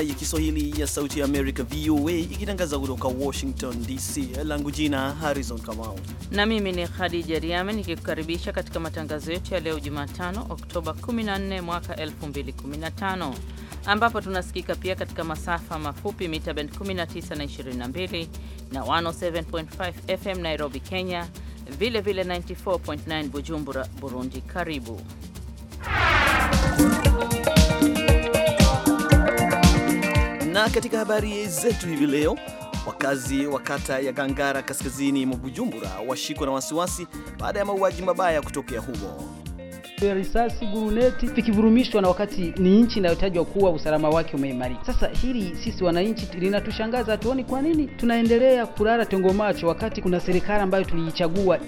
idhaa ya Kiswahili ya Sauti ya Amerika, VOA, ikitangaza kutoka Washington DC. Langu jina Harrison Kamau na mimi ni Khadija Riame nikikukaribisha katika matangazo yetu ya leo Jumatano, Oktoba 14 mwaka 2015 ambapo tunasikika pia katika masafa mafupi mita bend 19 na 22 na 107.5 FM Nairobi, Kenya, vilevile 94.9 Bujumbura, Burundi. Karibu Na katika habari zetu hivi leo, wakazi wa kata ya Gangara kaskazini mwa Bujumbura washikwa na wasiwasi baada ya mauaji mabaya kutokea humo. Risasi guruneti vikivurumishwa na wakati ni nchi inayotajwa kuwa usalama wake umeimarika. Sasa hili sisi wananchi linatushangaza, hatuoni kwa nini tunaendelea kulala tengo macho wakati kuna serikali ambayo tuliichagua.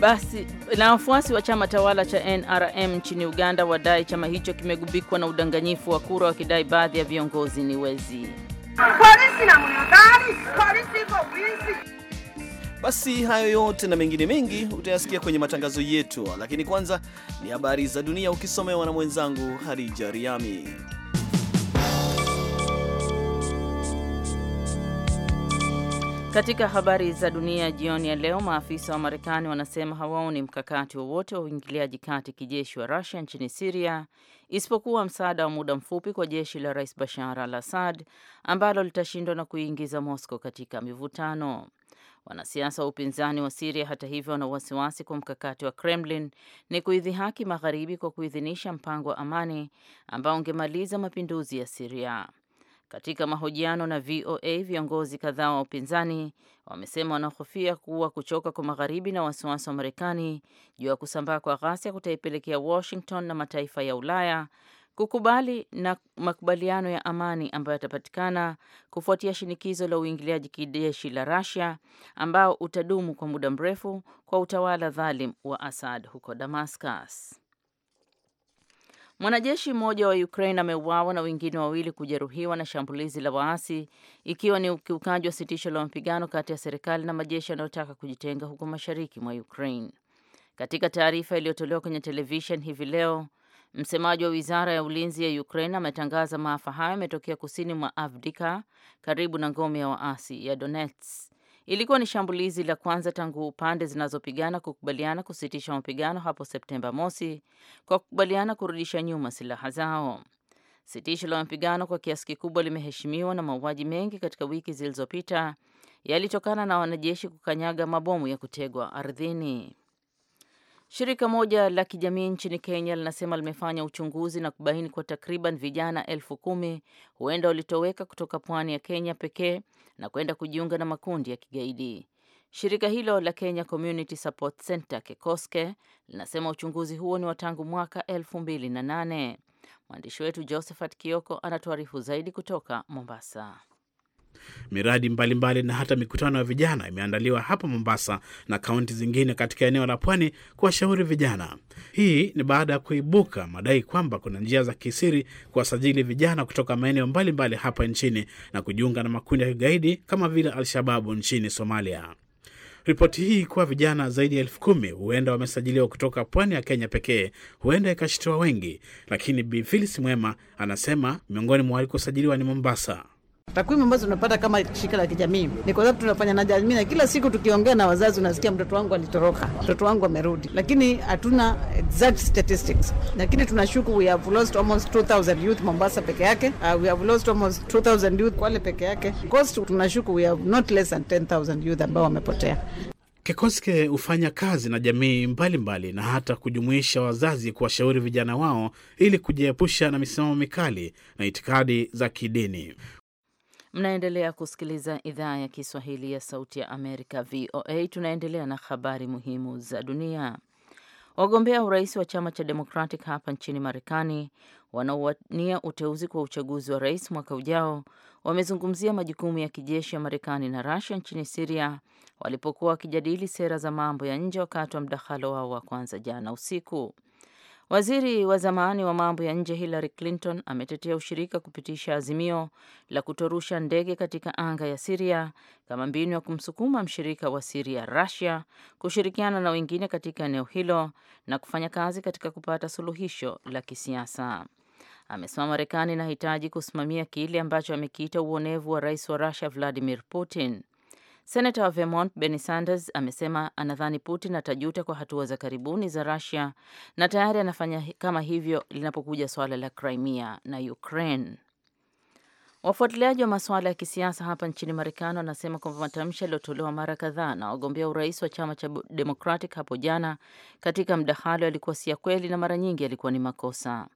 Basi na wafuasi wa chama tawala cha NRM nchini Uganda wadai chama hicho kimegubikwa na udanganyifu wa kura, wakidai baadhi ya viongozi ni wezi. Basi hayo yote na mengine mengi utayasikia kwenye matangazo yetu, lakini kwanza ni habari za dunia ukisomewa na mwenzangu Hadija Riami. Katika habari za dunia jioni ya leo, maafisa wa Marekani wanasema hawaoni mkakati wowote wa uingiliaji kati kijeshi wa Rusia nchini Siria isipokuwa msaada wa muda mfupi kwa jeshi la Rais Bashar al Assad ambalo litashindwa na kuiingiza mosco katika mivutano. Wanasiasa wa upinzani wa Siria hata hivyo, wana wasiwasi kwa mkakati wa Kremlin ni kuidhihaki magharibi kwa kuidhinisha mpango wa amani ambao ungemaliza mapinduzi ya Siria. Katika mahojiano na VOA, viongozi kadhaa wa upinzani wamesema wanahofia kuwa kuchoka kwa magharibi na wasiwasi wa Marekani juu ya kusambaa kwa ghasia kutaipelekea Washington na mataifa ya Ulaya kukubali na makubaliano ya amani ambayo yatapatikana kufuatia shinikizo la uingiliaji kijeshi la Russia ambao utadumu kwa muda mrefu kwa utawala dhalim wa Assad huko Damascus. Mwanajeshi mmoja wa Ukraine ameuawa na wengine wawili kujeruhiwa na shambulizi la waasi, ikiwa ni ukiukaji wa sitisho la mapigano kati ya serikali na majeshi yanayotaka kujitenga huko mashariki mwa Ukraine. Katika taarifa iliyotolewa kwenye televishen hivi leo, msemaji wa wizara ya ulinzi ya Ukraine ametangaza maafa hayo yametokea kusini mwa Avdika, karibu na ngome ya waasi ya Donetsk. Ilikuwa ni shambulizi la kwanza tangu pande zinazopigana kukubaliana kusitisha mapigano hapo Septemba mosi kwa kukubaliana kurudisha nyuma silaha zao. Sitisho la mapigano kwa kiasi kikubwa limeheshimiwa na mauaji mengi katika wiki zilizopita yalitokana na wanajeshi kukanyaga mabomu ya kutegwa ardhini. Shirika moja la kijamii nchini Kenya linasema limefanya uchunguzi na kubaini kwa takriban vijana elfu kumi huenda walitoweka kutoka pwani ya Kenya pekee na kwenda kujiunga na makundi ya kigaidi. Shirika hilo la Kenya Community Support Center linasema uchunguzi huo ni wa tangu mwaka elfu mbili na nane. Mwandishi wetu Josephat Kioko anatuarifu zaidi kutoka Mombasa. Miradi mbalimbali mbali na hata mikutano ya vijana imeandaliwa hapa Mombasa na kaunti zingine katika eneo la pwani kuwashauri vijana. Hii ni baada ya kuibuka madai kwamba kuna njia za kisiri kuwasajili vijana kutoka maeneo mbalimbali hapa nchini na kujiunga na makundi ya kigaidi kama vile alshababu nchini Somalia. Ripoti hii kuwa vijana zaidi ya elfu kumi huenda wamesajiliwa kutoka pwani ya Kenya pekee huenda ikashitiwa wengi, lakini Bi Filis Mwema anasema miongoni mwa walikosajiliwa ni Mombasa. Takwimu ambazo tunapata kama shirika la kijamii ni kwa sababu tunafanya na jamii, na kila siku tukiongea na wazazi unasikia mtoto wangu alitoroka, mtoto wangu amerudi, lakini hatuna exact statistics, lakini tunashuku we have lost almost 2000 youth Mombasa peke yake. Uh, we have lost almost 2000 youth Kwale peke yake. Coast tunashuku we have not less than 10000 youth ambao wamepotea. Kekoske hufanya kazi na jamii mbalimbali mbali, na hata kujumuisha wazazi kuwashauri vijana wao ili kujiepusha na misimamo mikali na itikadi za kidini. Mnaendelea kusikiliza idhaa ya Kiswahili ya Sauti ya Amerika, VOA. Tunaendelea na habari muhimu za dunia. Wagombea urais wa chama cha Democratic hapa nchini Marekani wanaowania uteuzi kwa uchaguzi wa rais mwaka ujao wamezungumzia majukumu ya kijeshi ya Marekani na rasia nchini Siria walipokuwa wakijadili sera za mambo ya nje wakati wa mdahalo wao wa kwanza jana usiku. Waziri wa zamani wa mambo ya nje Hillary Clinton ametetea ushirika kupitisha azimio la kutorusha ndege katika anga ya Siria kama mbinu ya kumsukuma mshirika wa Siria Russia kushirikiana na wengine katika eneo hilo na kufanya kazi katika kupata suluhisho la kisiasa. Amesema Marekani inahitaji kusimamia kile ambacho amekiita uonevu wa rais wa Russia Vladimir Putin. Senata wa Vermont Bernie Sanders amesema anadhani Putin atajuta kwa hatua za karibuni za Russia na tayari anafanya kama hivyo linapokuja swala la Crimea na Ukraine. Wafuatiliaji wa masuala ya kisiasa hapa nchini Marekani wanasema kwamba matamshi yaliyotolewa mara kadhaa na wagombea urais wa chama cha Democratic hapo jana katika mdahalo yalikuwa si ya kweli na mara nyingi yalikuwa ni makosa.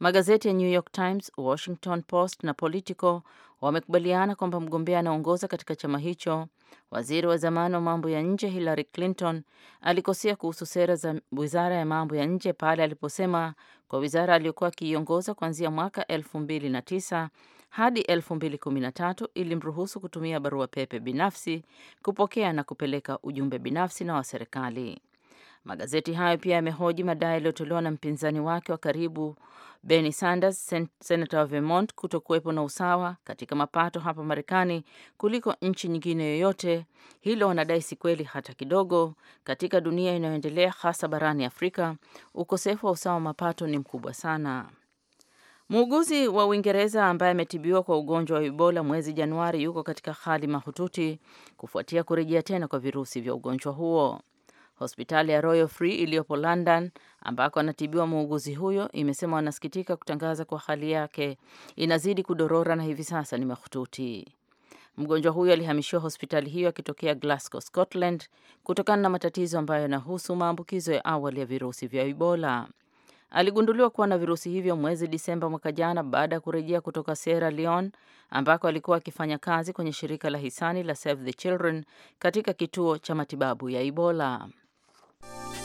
Magazeti ya New York Times, Washington Post na Politico wamekubaliana kwamba mgombea anaongoza katika chama hicho, waziri wa zamani wa mambo ya nje Hillary Clinton, alikosea kuhusu sera za wizara ya mambo ya nje pale aliposema kwa wizara aliyokuwa akiiongoza kuanzia mwaka 2009 hadi 2013 ilimruhusu kutumia barua pepe binafsi, kupokea na kupeleka ujumbe binafsi na wa serikali. Magazeti hayo pia yamehoji madai yaliyotolewa na mpinzani wake wa karibu Bernie Sanders, sen senata wa Vermont, kutokuwepo na usawa katika mapato hapa Marekani kuliko nchi nyingine yoyote. Hilo wanadai si kweli hata kidogo. Katika dunia inayoendelea, hasa barani Afrika, ukosefu wa usawa wa mapato ni mkubwa sana. Muuguzi wa Uingereza ambaye ametibiwa kwa ugonjwa wa Ebola mwezi Januari yuko katika hali mahututi kufuatia kurejea tena kwa virusi vya ugonjwa huo. Hospitali ya Royal Free iliyopo London ambako anatibiwa muuguzi huyo imesema wanasikitika kutangaza kwa hali yake inazidi kudorora na hivi sasa ni mahututi. Mgonjwa huyo alihamishiwa hospitali hiyo akitokea Glasgow, Scotland kutokana na matatizo ambayo yanahusu maambukizo ya awali ya virusi vya Ebola. Aligunduliwa kuwa na virusi hivyo mwezi Disemba mwaka jana baada ya kurejea kutoka Sierra Leone ambako alikuwa akifanya kazi kwenye shirika la hisani la Save the Children katika kituo cha matibabu ya Ebola. Thank you.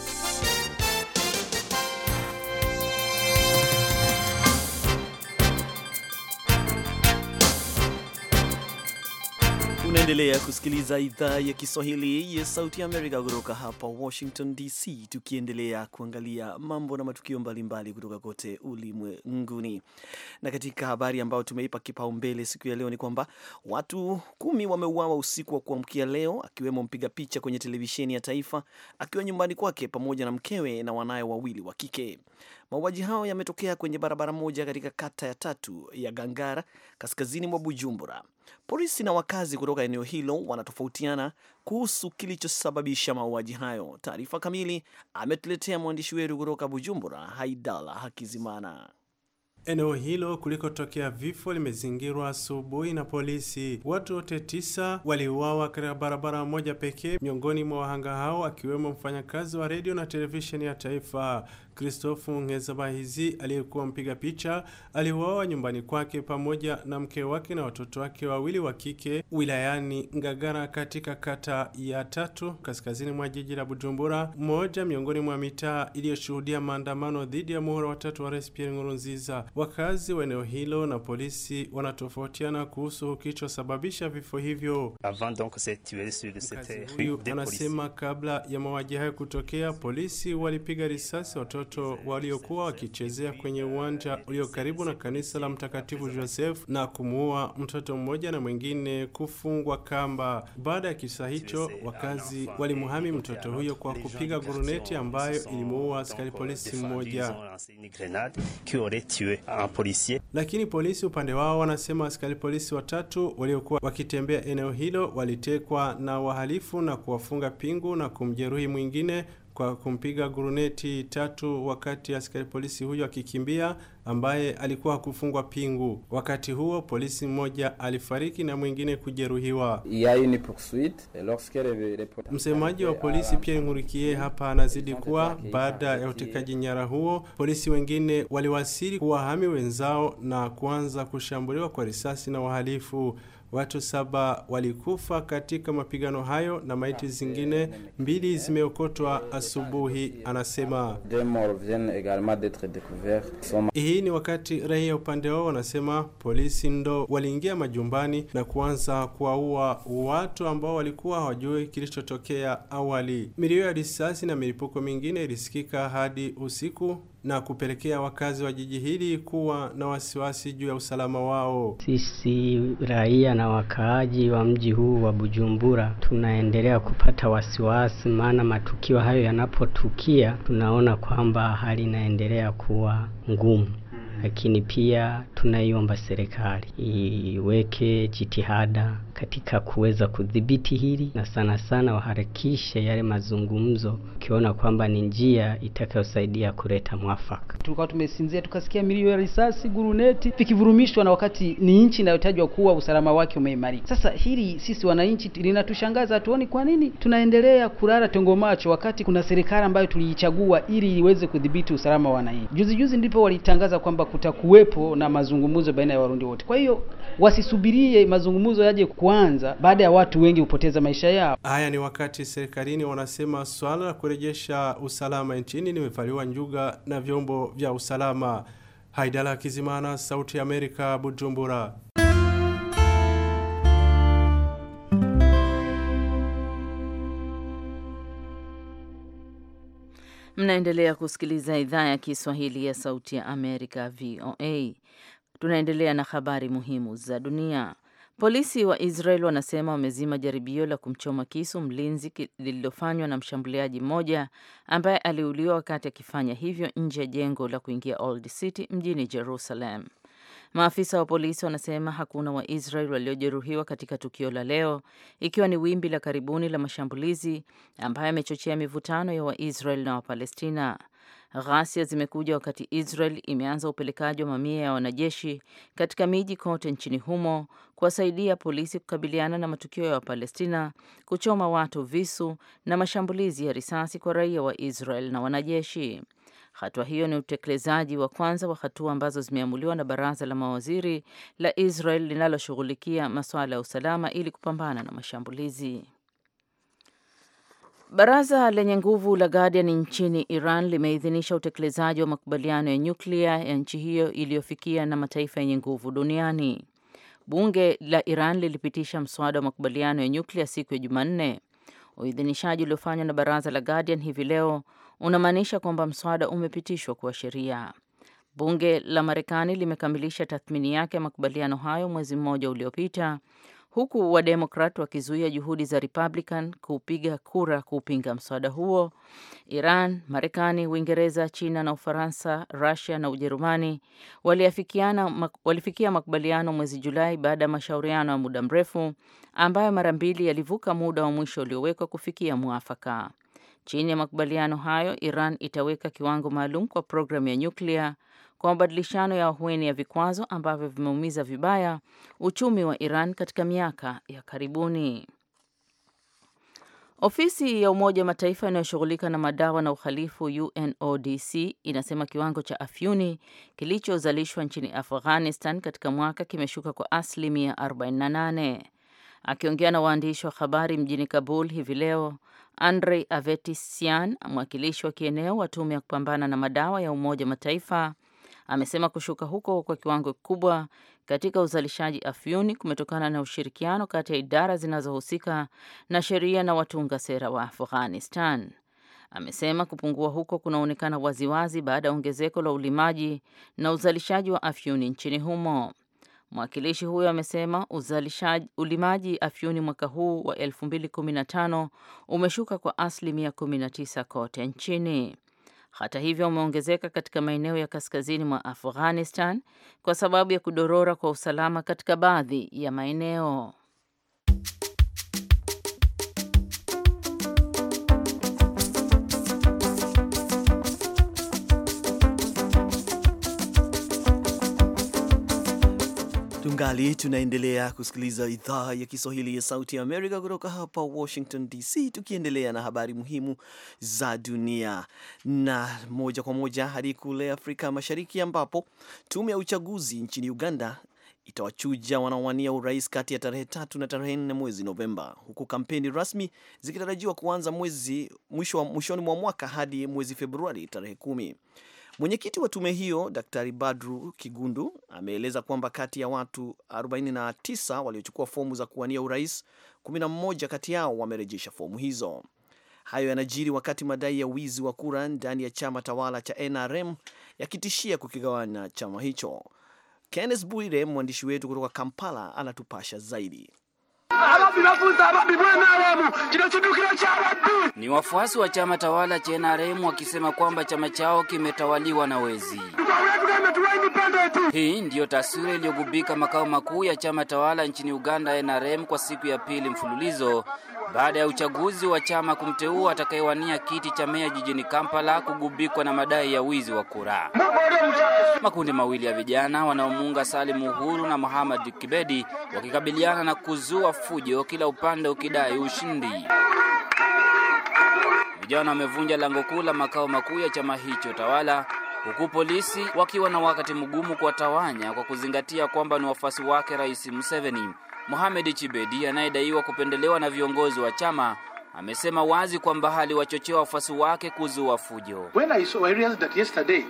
Unaendelea kusikiliza idhaa ya Kiswahili ya Sauti ya Amerika kutoka hapa Washington DC, tukiendelea kuangalia mambo na matukio mbalimbali kutoka kote ulimwenguni. Na katika habari ambayo tumeipa kipaumbele siku ya leo ni kwamba watu kumi wameuawa usiku wa kuamkia leo, akiwemo mpiga picha kwenye televisheni ya taifa akiwa nyumbani kwake pamoja na mkewe na wanaye wawili wa kike. Mauaji hayo yametokea kwenye barabara moja katika kata ya tatu ya Gangara, kaskazini mwa Bujumbura. Polisi na wakazi kutoka eneo hilo wanatofautiana kuhusu kilichosababisha mauaji hayo. Taarifa kamili ametuletea mwandishi wetu kutoka Bujumbura, Haidala Hakizimana. Eneo hilo kulikotokea vifo limezingirwa asubuhi na polisi. Watu wote tisa waliuawa katika barabara moja pekee, miongoni mwa wahanga hao akiwemo mfanyakazi wa redio na televisheni ya taifa. Christophe Ngezabahizi aliyekuwa mpiga picha aliuawa nyumbani kwake pamoja na mke wake na watoto wake wawili wa kike wilayani Ngagara katika kata ya tatu kaskazini mwa jiji la Bujumbura, mmoja miongoni mwa mitaa iliyoshuhudia maandamano dhidi ya muhula watatu wa Rais Pierre Nkurunziza. Wakazi wa eneo hilo na polisi wanatofautiana kuhusu kilichosababisha vifo hivyo. Huyu anasema kabla ya mauaji hayo kutokea, polisi walipiga risasi watoto watoto waliokuwa wakichezea kwenye uwanja ulio karibu na kanisa la Mtakatifu Joseph na kumuua mtoto mmoja na mwingine kufungwa kamba. Baada ya kisa hicho, wakazi walimuhami mtoto huyo kwa kupiga guruneti ambayo ilimuua askari polisi mmoja, lakini polisi upande wao wanasema askari polisi watatu waliokuwa wakitembea eneo hilo walitekwa na wahalifu na kuwafunga pingu na kumjeruhi mwingine kwa kumpiga guruneti tatu wakati askari polisi huyo akikimbia ambaye alikuwa hakufungwa pingu. Wakati huo polisi mmoja alifariki na mwingine kujeruhiwa. Msemaji wa polisi Pierre Nkurikiye hapa anazidi kuwa baada ya utekaji nyara huo, polisi wengine waliwasili kuwahami wenzao na kuanza kushambuliwa kwa risasi na wahalifu. Watu saba walikufa katika mapigano hayo na maiti ah, zingine eh, mbili zimeokotwa eh, asubuhi, eh, anasema. Hii ni wakati raia upande wao wanasema polisi ndo waliingia majumbani na kuanza kuwaua watu ambao walikuwa hawajui kilichotokea awali. Milio ya risasi na milipuko mingine ilisikika hadi usiku na kupelekea wakazi wa jiji hili kuwa na wasiwasi juu ya usalama wao. Sisi raia na wakaaji wa mji huu wa Bujumbura tunaendelea kupata wasiwasi, maana matukio hayo yanapotukia tunaona kwamba hali inaendelea kuwa ngumu lakini pia tunaiomba serikali iweke jitihada katika kuweza kudhibiti hili na sana sana waharakishe yale mazungumzo, ukiona kwamba ni njia itakayosaidia kuleta mwafaka. Tulikuwa tumesinzia tukasikia milio ya risasi, guruneti vikivurumishwa, na wakati ni nchi inayotajwa kuwa usalama wake umeimarika. Sasa hili sisi wananchi linatushangaza, hatuoni kwa nini tunaendelea kulala tongo macho wakati kuna serikali ambayo tuliichagua ili iweze kudhibiti usalama wa wananchi. Juzi juzi ndipo walitangaza kwamba kutakuwepo na mazungumzo baina ya Warundi wote. Kwa hiyo wasisubirie mazungumzo yaje kuanza baada ya watu wengi kupoteza maisha yao. Haya ni wakati serikalini wanasema swala la kurejesha usalama nchini limevaliwa njuga na vyombo vya usalama. Haidala Kizimana, Sauti ya Amerika, Bujumbura. Mnaendelea kusikiliza idhaa ya Kiswahili ya Sauti ya Amerika, VOA. Tunaendelea na habari muhimu za dunia. Polisi wa Israel wanasema wamezima jaribio la kumchoma kisu mlinzi lililofanywa na mshambuliaji mmoja ambaye aliuliwa wakati akifanya hivyo nje ya jengo la kuingia Old City mjini Jerusalem. Maafisa wa polisi wanasema hakuna Waisrael waliojeruhiwa katika tukio la leo, ikiwa ni wimbi la karibuni la mashambulizi ambayo yamechochea mivutano ya Waisrael na Wapalestina. Ghasia zimekuja wakati Israel imeanza upelekaji wa mamia ya wanajeshi katika miji kote nchini humo kuwasaidia polisi kukabiliana na matukio ya Wapalestina, kuchoma watu visu na mashambulizi ya risasi kwa raia wa Israel na wanajeshi. Hatua hiyo ni utekelezaji wa kwanza wa hatua ambazo zimeamuliwa na baraza la mawaziri la Israel linaloshughulikia masuala ya usalama ili kupambana na mashambulizi. Baraza lenye nguvu la Guardian nchini Iran limeidhinisha utekelezaji wa makubaliano ya nyuklia ya nchi hiyo iliyofikia na mataifa yenye nguvu duniani. Bunge la Iran lilipitisha mswada wa makubaliano ya nyuklia siku ya Jumanne. Uidhinishaji uliofanywa na baraza la Guardian hivi leo unamaanisha kwamba mswada umepitishwa kuwa sheria. Bunge la Marekani limekamilisha tathmini yake ya makubaliano hayo mwezi mmoja uliopita, huku Wademokrat wakizuia juhudi za Republican kupiga kura kupinga mswada huo. Iran, Marekani, Uingereza, China na Ufaransa, Rusia na Ujerumani walifikia makubaliano mwezi Julai baada ya mashauriano ya muda mrefu ambayo mara mbili yalivuka muda wa mwisho uliowekwa kufikia mwafaka. Chini ya makubaliano hayo, Iran itaweka kiwango maalum kwa programu ya nyuklia kwa mabadilishano ya ahueni ya vikwazo ambavyo vimeumiza vibaya uchumi wa Iran katika miaka ya karibuni. Ofisi ya Umoja wa Mataifa inayoshughulika na madawa na uhalifu UNODC inasema kiwango cha afyuni kilichozalishwa nchini Afghanistan katika mwaka kimeshuka kwa asilimia 48. Akiongea na waandishi wa habari mjini Kabul hivi leo, Andrei avetisian mwakilishi wa kieneo wa tume ya kupambana na madawa ya Umoja wa Mataifa, amesema kushuka huko kwa kiwango kikubwa katika uzalishaji afyuni kumetokana na ushirikiano kati ya idara zinazohusika na sheria na watunga sera wa Afghanistan. Amesema kupungua huko kunaonekana waziwazi baada ya ongezeko la ulimaji na uzalishaji wa afyuni nchini humo. Mwakilishi huyo amesema uzalishaji ulimaji afyuni mwaka huu wa 2015 umeshuka kwa asilimia 19 kote nchini. Hata hivyo, umeongezeka katika maeneo ya kaskazini mwa Afghanistan kwa sababu ya kudorora kwa usalama katika baadhi ya maeneo. Tungali tunaendelea kusikiliza idhaa ya Kiswahili ya Sauti ya Amerika kutoka hapa Washington DC, tukiendelea na habari muhimu za dunia na moja kwa moja hadi kule Afrika Mashariki, ambapo tume ya uchaguzi nchini Uganda itawachuja wanaowania urais kati ya tarehe tatu na tarehe nne mwezi Novemba, huku kampeni rasmi zikitarajiwa kuanza mwezi mwishoni mwa mwaka hadi mwezi Februari tarehe kumi. Mwenyekiti wa tume hiyo Daktari Badru Kigundu ameeleza kwamba kati ya watu 49 waliochukua fomu za kuwania urais, 11 kati yao wamerejesha fomu hizo. Hayo yanajiri wakati madai ya wizi wa kura ndani ya chama tawala cha NRM yakitishia kukigawanya chama hicho. Kenneth Bwire, mwandishi wetu kutoka Kampala, anatupasha zaidi. Ni wafuasi wa chama tawala cha NRM wakisema kwamba chama chao kimetawaliwa na wezi. Hii ndiyo taswira iliyogubika makao makuu ya chama tawala nchini Uganda, NRM, kwa siku ya pili mfululizo baada ya uchaguzi wa chama kumteua atakayewania kiti cha meya jijini Kampala kugubikwa na madai ya wizi wa kura. Makundi mawili ya vijana wanaomuunga Salim Uhuru na Muhammad Kibedi wakikabiliana na kuzua fujo, kila upande ukidai ushindi. Vijana wamevunja lango kuu la makao makuu ya chama hicho tawala, huku polisi wakiwa na wakati mgumu kuwatawanya kwa kuzingatia kwamba ni wafuasi wake Rais Museveni. Muhammad Chibedi anayedaiwa kupendelewa na viongozi wa chama amesema wazi kwamba aliwachochea wafuasi wake kuzua fujo. When I saw, I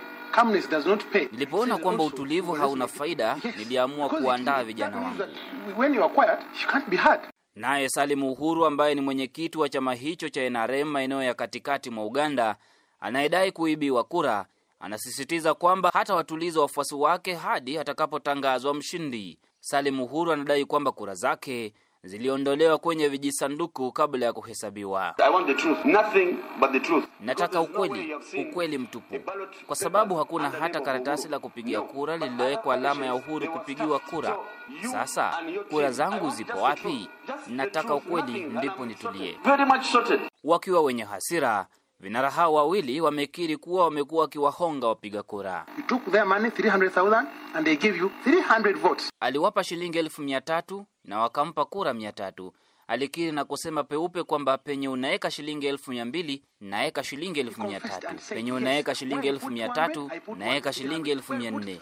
Nilipoona kwamba utulivu hauna faida, niliamua kuandaa vijana wangu. Naye salimu Uhuru ambaye ni mwenyekiti wa chama hicho cha NRM maeneo ya katikati mwa Uganda anayedai kuibiwa kura, anasisitiza kwamba hata watuliza wafuasi wake hadi atakapotangazwa mshindi. salimu Uhuru anadai kwamba kura zake ziliondolewa kwenye vijisanduku kabla ya kuhesabiwa. I want the truth. Nothing but the truth. Nataka ukweli, ukweli mtupu, kwa sababu hakuna hata karatasi la kupigia kura lililowekwa alama ya uhuru kupigiwa kura. Sasa kura zangu zipo wapi? Nataka ukweli, ndipo nitulie. Wakiwa wenye hasira Vinara hao wawili wamekiri kuwa wamekuwa wakiwahonga wapiga kura. Aliwapa shilingi elfu mia tatu na wakampa kura mia tatu. Alikiri na kusema peupe kwamba penye unaweka shilingi elfu mia mbili naweka shilingi elfu mia tatu penye unaweka shilingi elfu mia tatu naweka shilingi elfu mia nne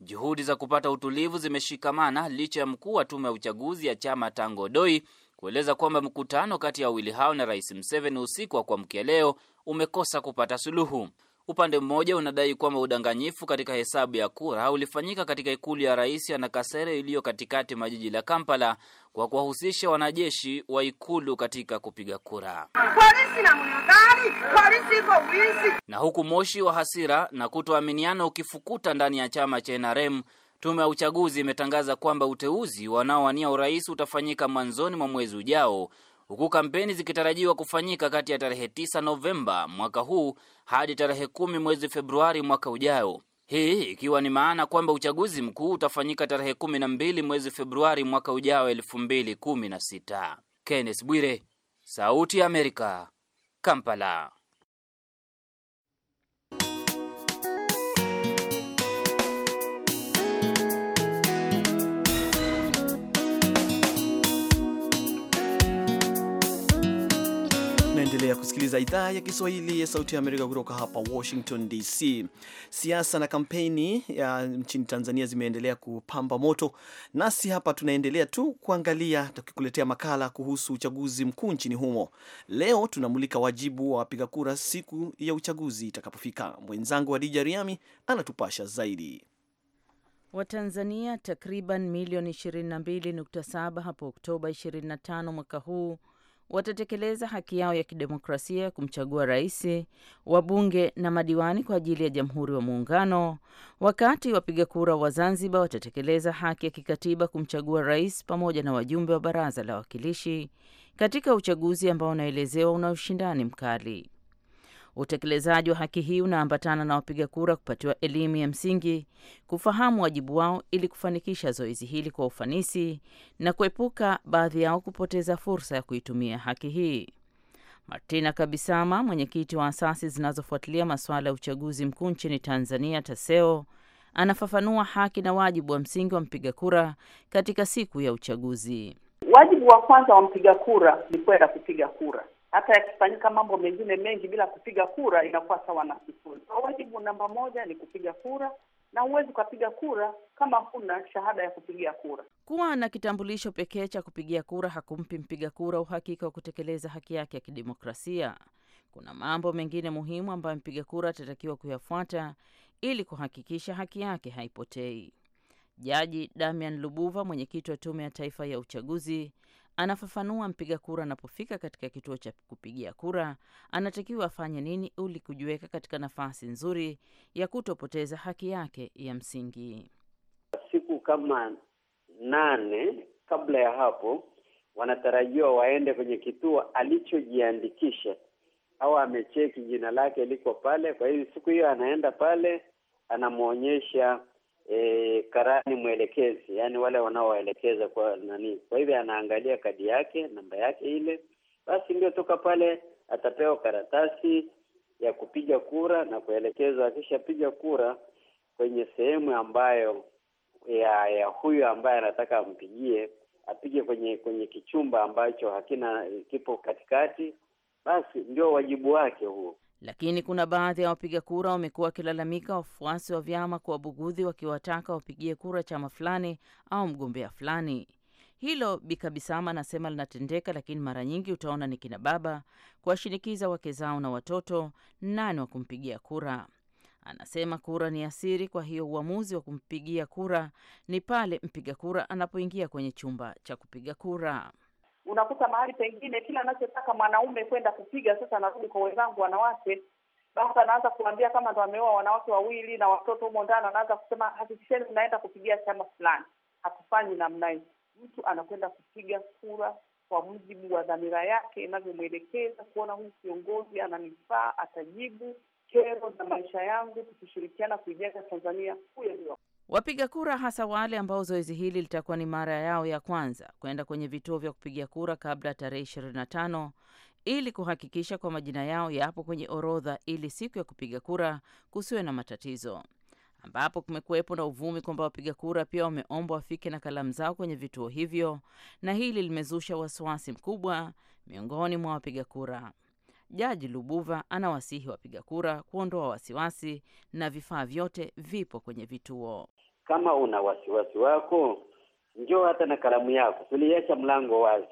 Juhudi za kupata utulivu zimeshikamana licha ya mkuu wa tume ya uchaguzi ya chama Tango Doi kueleza kwamba mkutano kati ya wawili hao na Rais mseveni usiku wa kuamkia leo umekosa kupata suluhu. Upande mmoja unadai kwamba udanganyifu katika hesabu ya kura ulifanyika katika ikulu ya rais Nakasere iliyo katikati mwa jiji la Kampala kwa kuwahusisha wanajeshi wa ikulu katika kupiga kura polisi na mnyodari, polisi Na huku moshi wa hasira na kutoaminiana ukifukuta ndani ya chama cha NRM, tume ya uchaguzi imetangaza kwamba uteuzi wanaowania urais utafanyika mwanzoni mwa mwezi ujao huku kampeni zikitarajiwa kufanyika kati ya tarehe 9 Novemba mwaka huu hadi tarehe kumi mwezi Februari mwaka ujao. Hii ikiwa ni maana kwamba uchaguzi mkuu utafanyika tarehe kumi na mbili mwezi Februari mwaka ujao 2016. Kenneth Bwire, Sauti ya Amerika, Kampala. Unaendelea kusikiliza idhaa ya Kiswahili ya Sauti ya Amerika kutoka hapa Washington DC. Siasa na kampeni ya nchini Tanzania zimeendelea kupamba moto, nasi hapa tunaendelea tu kuangalia, tukikuletea makala kuhusu uchaguzi mkuu nchini humo. Leo tunamulika wajibu wa wapiga kura siku ya uchaguzi itakapofika. Mwenzangu Hadija Riami anatupasha zaidi. Watanzania takriban milioni 22.7 hapo Oktoba 25 mwaka huu watatekeleza haki yao ya kidemokrasia ya kumchagua rais, wabunge na madiwani kwa ajili ya Jamhuri wa Muungano, wakati wapiga kura wa Zanzibar watatekeleza haki ya kikatiba kumchagua rais pamoja na wajumbe wa Baraza la Wawakilishi katika uchaguzi ambao unaelezewa una ushindani mkali. Utekelezaji wa haki hii unaambatana na wapiga kura kupatiwa elimu ya msingi, kufahamu wajibu wao ili kufanikisha zoezi hili kwa ufanisi na kuepuka baadhi yao kupoteza fursa ya kuitumia haki hii. Martina Kabisama, mwenyekiti wa asasi zinazofuatilia masuala ya uchaguzi mkuu nchini Tanzania, TASEO, anafafanua haki na wajibu wa msingi wa mpiga kura katika siku ya uchaguzi. Wajibu wa kwanza wa mpiga kura ni kwenda kupiga kura hata yakifanyika mambo mengine mengi bila kupiga kura inakuwa sawa na sifuri. Kwa wajibu namba moja ni kupiga kura, na huwezi ukapiga kura kama huna shahada ya kupigia kura. Kuwa na kitambulisho pekee cha kupigia kura hakumpi mpiga kura uhakika wa kutekeleza haki yake ya kidemokrasia. Kuna mambo mengine muhimu ambayo mpiga kura atatakiwa kuyafuata ili kuhakikisha haki yake haipotei. Jaji Damian Lubuva, mwenyekiti wa Tume ya Taifa ya Uchaguzi, Anafafanua, mpiga kura anapofika katika kituo cha kupigia kura anatakiwa afanye nini ili kujiweka katika nafasi nzuri ya kutopoteza haki yake ya msingi. Siku kama nane kabla ya hapo, wanatarajiwa waende kwenye kituo alichojiandikisha au amecheki jina lake liko pale. Kwa hiyo siku hiyo anaenda pale, anamwonyesha e, karani mwelekezi, yaani wale wanaowaelekeza kwa nani. Kwa hivyo anaangalia kadi yake, namba yake ile, basi ndio toka pale atapewa karatasi ya kupiga kura na kuelekezwa, akishapiga kura kwenye sehemu ambayo ya, ya huyo ambaye anataka ampigie, apige kwenye kwenye kichumba ambacho hakina kipo katikati, basi ndio wajibu wake huo. Lakini kuna baadhi ya wapiga kura wamekuwa wakilalamika wafuasi wa vyama kuwa wabugudhi wakiwataka wapigie kura chama fulani au mgombea fulani. Hilo Bikabisama anasema linatendeka, lakini mara nyingi utaona ni kina baba kuwashinikiza wake zao na watoto nani wa kumpigia kura. Anasema kura ni asiri, kwa hiyo uamuzi wa kumpigia kura ni pale mpiga kura anapoingia kwenye chumba cha kupiga kura. Unakuta mahali pengine kila anachotaka mwanaume kwenda kupiga, sasa anarudi kwa wenzangu wanawake, basi anaanza kuambia kama ndo ameoa wanawake wawili na watoto humo ndani, anaanza kusema hakikisheni mnaenda kupigia chama fulani. Hatufanyi namna hii Mtu anakwenda kupiga kura kwa mujibu wa dhamira yake inavyomwelekeza, kuona huyu kiongozi ananifaa, atajibu kero za maisha yangu, tukishirikiana kuijenga Tanzania. Huyo ndio Wapiga kura hasa wale ambao zoezi hili litakuwa ni mara yao ya kwanza kwenda kwenye vituo vya kupiga kura kabla tarehe 25 ili kuhakikisha kwa majina yao yapo kwenye orodha ili siku ya kupiga kura kusiwe na matatizo, ambapo kumekuwepo na uvumi kwamba wapiga kura pia wameombwa wafike na kalamu zao kwenye vituo hivyo, na hili limezusha wasiwasi mkubwa miongoni mwa wapiga kura. Jaji Lubuva anawasihi wapiga kura kuondoa wasiwasi na vifaa vyote vipo kwenye vituo. Kama una wasiwasi wako, njoo hata na kalamu yako. Tuliacha mlango wazi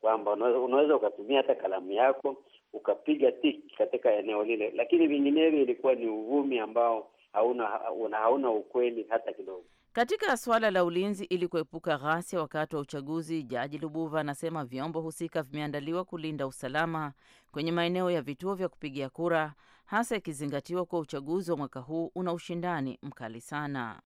kwamba unaweza ukatumia hata kalamu yako ukapiga tiki katika eneo lile, lakini vinginevyo ilikuwa ni uvumi ambao hauna, hauna, hauna ukweli hata kidogo. Katika suala la ulinzi ili kuepuka ghasia wakati wa uchaguzi, Jaji Lubuva anasema vyombo husika vimeandaliwa kulinda usalama kwenye maeneo ya vituo vya kupigia kura, hasa ikizingatiwa kuwa uchaguzi wa mwaka huu una ushindani mkali sana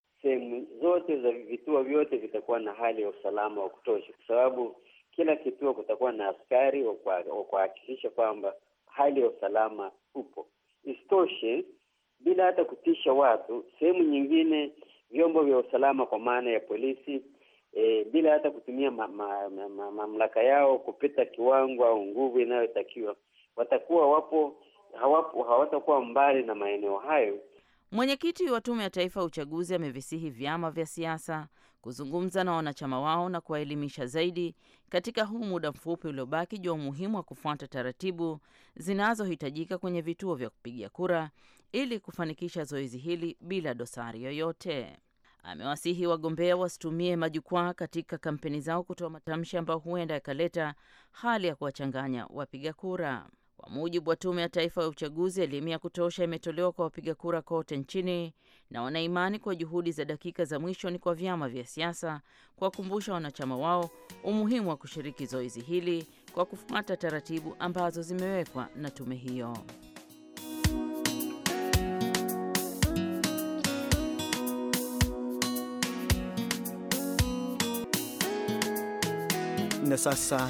zote za vituo vyote vitakuwa na hali ya usalama wa kutosha, kwa sababu kila kituo kutakuwa na askari wa kuhakikisha kwamba hali ya usalama upo. Isitoshe, bila hata kutisha watu, sehemu nyingine vyombo vya usalama kwa maana ya polisi e, bila hata kutumia mamlaka ma, ma, ma, ma, yao kupita kiwango au nguvu inayotakiwa, watakuwa wapo hawapo, hawatakuwa mbali na maeneo hayo Mwenyekiti wa Tume ya Taifa ya Uchaguzi amevisihi vyama vya siasa kuzungumza na wanachama wao na kuwaelimisha zaidi katika huu muda mfupi uliobaki juu ya umuhimu wa kufuata taratibu zinazohitajika kwenye vituo vya kupiga kura ili kufanikisha zoezi hili bila dosari yoyote. Amewasihi wagombea wasitumie majukwaa katika kampeni zao kutoa matamshi ambayo huenda yakaleta hali ya kuwachanganya wapiga kura. Kwa mujibu wa Tume ya Taifa ya Uchaguzi, elimu ya kutosha imetolewa kwa wapiga kura kote nchini, na wanaimani kwa juhudi za dakika za mwisho ni kwa vyama vya siasa kuwakumbusha wanachama wao umuhimu wa kushiriki zoezi hili kwa kufuata taratibu ambazo zimewekwa na tume hiyo. Na sasa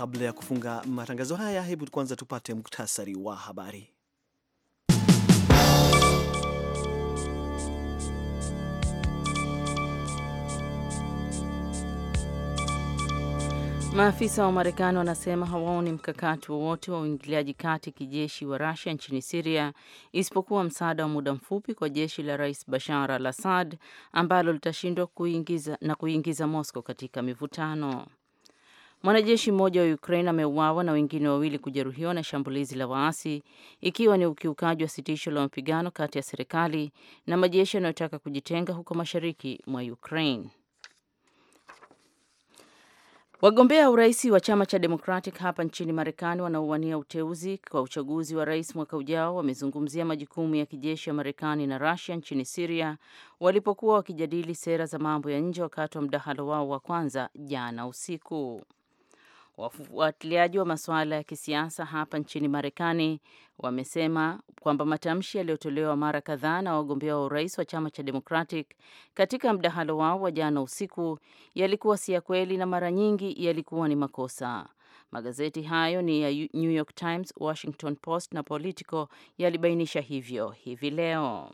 kabla ya kufunga matangazo haya, hebu kwanza tupate muktasari wa habari. Maafisa wa Marekani wanasema hawaoni mkakati wowote wa uingiliaji kati kijeshi wa rasia nchini Siria isipokuwa msaada wa muda mfupi kwa jeshi la Rais Bashar al-Assad ambalo litashindwa kuingiza na kuingiza Moscow katika mivutano. Mwanajeshi mmoja wa Ukraine ameuawa na wengine wawili kujeruhiwa na shambulizi la waasi, ikiwa ni ukiukaji wa sitisho la mapigano kati ya serikali na majeshi yanayotaka kujitenga huko mashariki mwa Ukraine. Wagombea urais wa chama cha Democratic hapa nchini Marekani wanaowania uteuzi kwa uchaguzi wa rais mwaka ujao wamezungumzia majukumu ya kijeshi ya Marekani na Russia nchini Syria walipokuwa wakijadili sera za mambo ya nje wakati wa mdahalo wao wa kwanza jana usiku. Wafuatiliaji wa masuala ya kisiasa hapa nchini Marekani wamesema kwamba matamshi yaliyotolewa mara kadhaa na wagombea wa urais wa chama cha Democratic katika mdahalo wao wa jana usiku yalikuwa si ya kweli na mara nyingi yalikuwa ni makosa. Magazeti hayo ni ya New York Times, Washington Post na Politico yalibainisha hivyo hivi leo.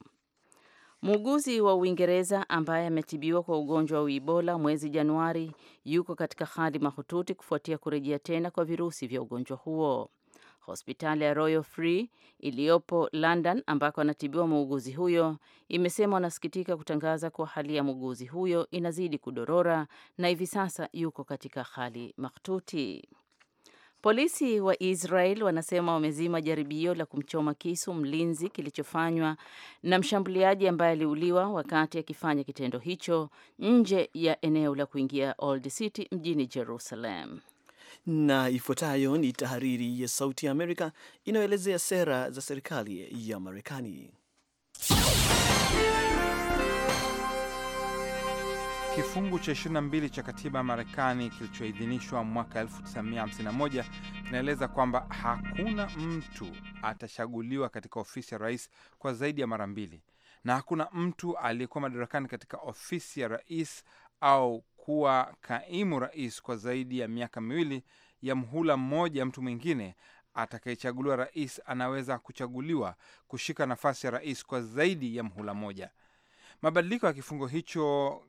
Muuguzi wa Uingereza ambaye ametibiwa kwa ugonjwa wa Ebola mwezi Januari yuko katika hali mahututi kufuatia kurejea tena kwa virusi vya ugonjwa huo. Hospitali ya Royal Free iliyopo London ambako anatibiwa muuguzi huyo imesema wanasikitika kutangaza kuwa hali ya muuguzi huyo inazidi kudorora na hivi sasa yuko katika hali mahututi. Polisi wa Israel wanasema wamezima jaribio la kumchoma kisu mlinzi kilichofanywa na mshambuliaji ambaye aliuliwa wakati akifanya kitendo hicho nje ya eneo la kuingia Old City mjini Jerusalem. Na ifuatayo ni tahariri ya Sauti ya Amerika inayoelezea sera za serikali ya Marekani. Kifungu cha 22 cha katiba ya Marekani kilichoidhinishwa mwaka 1951 kinaeleza kwamba hakuna mtu atachaguliwa katika ofisi ya rais kwa zaidi ya mara mbili, na hakuna mtu aliyekuwa madarakani katika ofisi ya rais au kuwa kaimu rais kwa zaidi ya miaka miwili ya mhula mmoja. Mtu mwingine atakayechaguliwa rais anaweza kuchaguliwa kushika nafasi ya rais kwa zaidi ya mhula mmoja. Mabadiliko ya kifungo hicho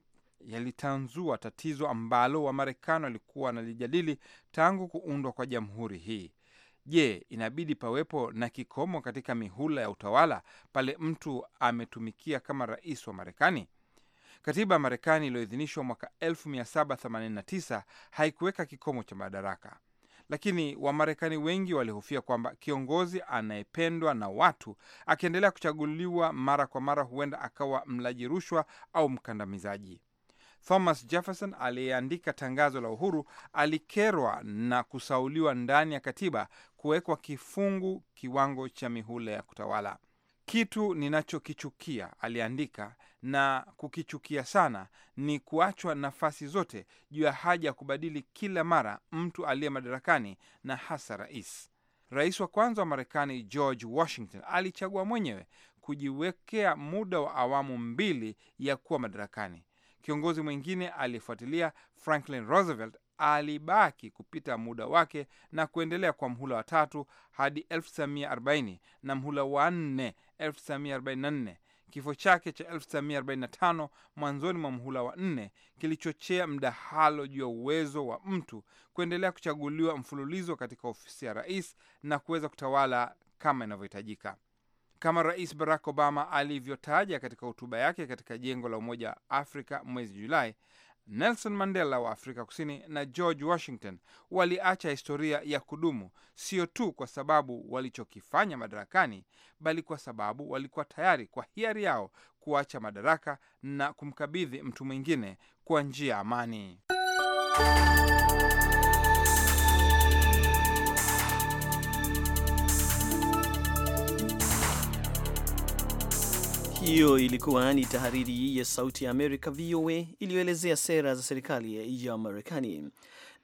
yalitanzua tatizo ambalo Wamarekani walikuwa wanalijadili tangu kuundwa kwa jamhuri hii. Je, inabidi pawepo na kikomo katika mihula ya utawala pale mtu ametumikia kama rais wa Marekani? Katiba ya Marekani iliyoidhinishwa mwaka 1789 haikuweka kikomo cha madaraka, lakini Wamarekani wengi walihofia kwamba kiongozi anayependwa na watu akiendelea kuchaguliwa mara kwa mara, huenda akawa mlaji rushwa au mkandamizaji. Thomas Jefferson aliyeandika tangazo la uhuru alikerwa na kusauliwa ndani ya katiba kuwekwa kifungu kiwango cha mihula ya kutawala. Kitu ninachokichukia, aliandika, na kukichukia sana ni kuachwa nafasi zote juu ya haja ya kubadili kila mara mtu aliye madarakani na hasa rais. Rais wa kwanza wa Marekani George Washington alichagua mwenyewe kujiwekea muda wa awamu mbili ya kuwa madarakani. Kiongozi mwingine aliyefuatilia Franklin Roosevelt alibaki kupita muda wake na kuendelea kwa mhula wa tatu hadi 1940 na mhula wa nne 1944. Kifo chake cha 1945 mwanzoni mwa mhula wa nne kilichochea mdahalo juu ya uwezo wa mtu kuendelea kuchaguliwa mfululizo katika ofisi ya rais na kuweza kutawala kama inavyohitajika kama Rais Barack Obama alivyotaja katika hotuba yake katika jengo la Umoja wa Afrika mwezi Julai. Nelson Mandela wa Afrika Kusini na George Washington waliacha historia ya kudumu, sio tu kwa sababu walichokifanya madarakani, bali kwa sababu walikuwa tayari kwa hiari yao kuacha madaraka na kumkabidhi mtu mwingine kwa njia ya amani. Hiyo ilikuwa ni tahariri ya Sauti ya Amerika, VOA, iliyoelezea sera za serikali ya Marekani.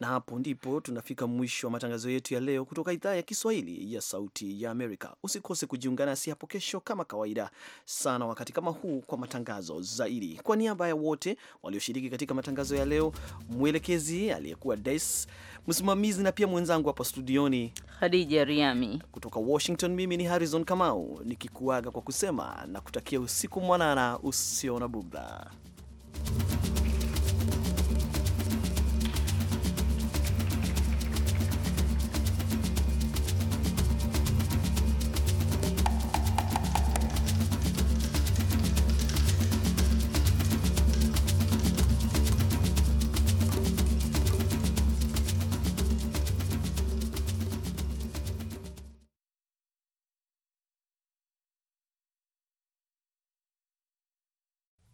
Na hapo ndipo tunafika mwisho wa matangazo yetu ya leo kutoka idhaa ya Kiswahili ya Sauti ya Amerika. Usikose kujiunga nasi hapo kesho kama kawaida sana wakati kama huu kwa matangazo zaidi. Kwa niaba ya wote walioshiriki katika matangazo ya leo, mwelekezi aliyekuwa Des, msimamizi na pia mwenzangu hapa studioni Hadija Riami, kutoka Washington, mimi ni Harrison Kamau nikikuaga kwa kusema na kutakia usiku mwanana usio na budha.